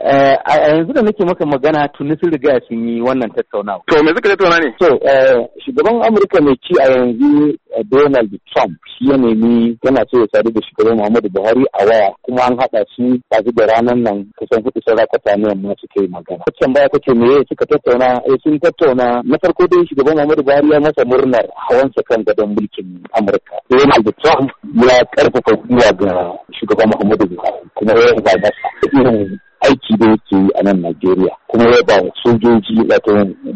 Eh, a yanzu da nake maka magana tuni sun riga sun yi wannan tattaunawa. To me suka tattauna ne? To eh, shugaban Amurka mai ci a yanzu eh, Donald Trump shi ya nemi yana so ya sadu da shugaban Muhammadu Buhari a waya kuma an haɗa shi tafi da ranar nan kusan hudu sarakata ne amma suka yi magana. Waccan baya kake me suka tattauna eh sun tattauna na farko dai shugaban Muhammadu Buhari ya masa murnar hawansa kan gadon mulkin Amurka. Donald Trump ya karfafa gwiwa ga shugaban Muhammadu Buhari kuma ya yi da yake yi a nan Najeriya kuma ya ba sojoji wato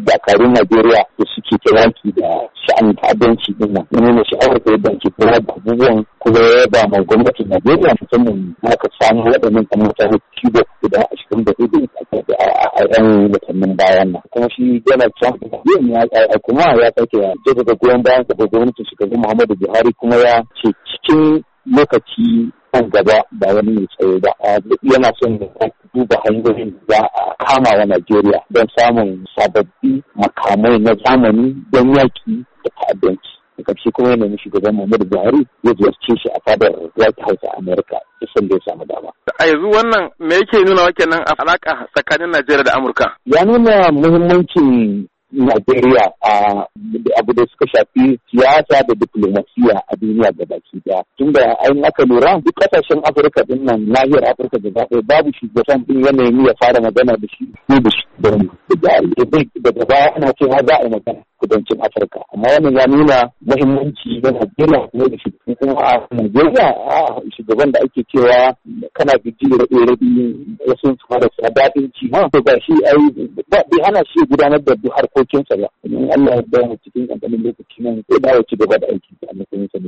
dakarun Najeriya da suke ki da sha'an ta'addanci din nan ne ne sha'awar da yadda ke kula da abubuwan kuma ya ba ma gwamnatin Najeriya musamman haka samu waɗannan kamar ta kibo guda ashirin da hudu a yan watannin bayan nan kuma shi Donald Trump yin ya kuma ya sake jaddada goyon bayan sa ga gwamnatin shugaban Muhammadu Buhari kuma ya ce cikin lokaci kan gaba ba wani mai tsaye ba yana son duba hanyoyin da a kama wa Najeriya don samun sababbi makamai na zamani don yaki da ta'addanci. da kuma yana mishi gaban Muhammadu Buhari ya ziyarce shi a fadar White House a Amurka, isan da ya samu dama. A yanzu wannan me yake nuna wa kenan a alaƙa tsakanin Najeriya da Amurka? Ya nuna muhimmancin Najeriya a abu da suka shafi siyasa da diplomasiya a duniya gabaki daya. Tunda an aka lura duk kasashen Afirka din nan nahiyar Afirka da zaɓe babu shugaban din yanayin ya fara magana da shi ne da shi da jari. Daga gaba ana cewa za a yi magana kudancin Afirka. Amma wannan ya nuna muhimmanci na Najeriya ne da shugaban kuma a Najeriya a shugaban da ake cewa kana da rabe-rabe wasu su da daɗin ci. Ha ga shi ai ba ana shi gudanar da harkokin harkokinsa ba in Allah ya ba mu cikin ƙanƙanin lokaci nan sai dawo ci gaba da aiki a matsayin sa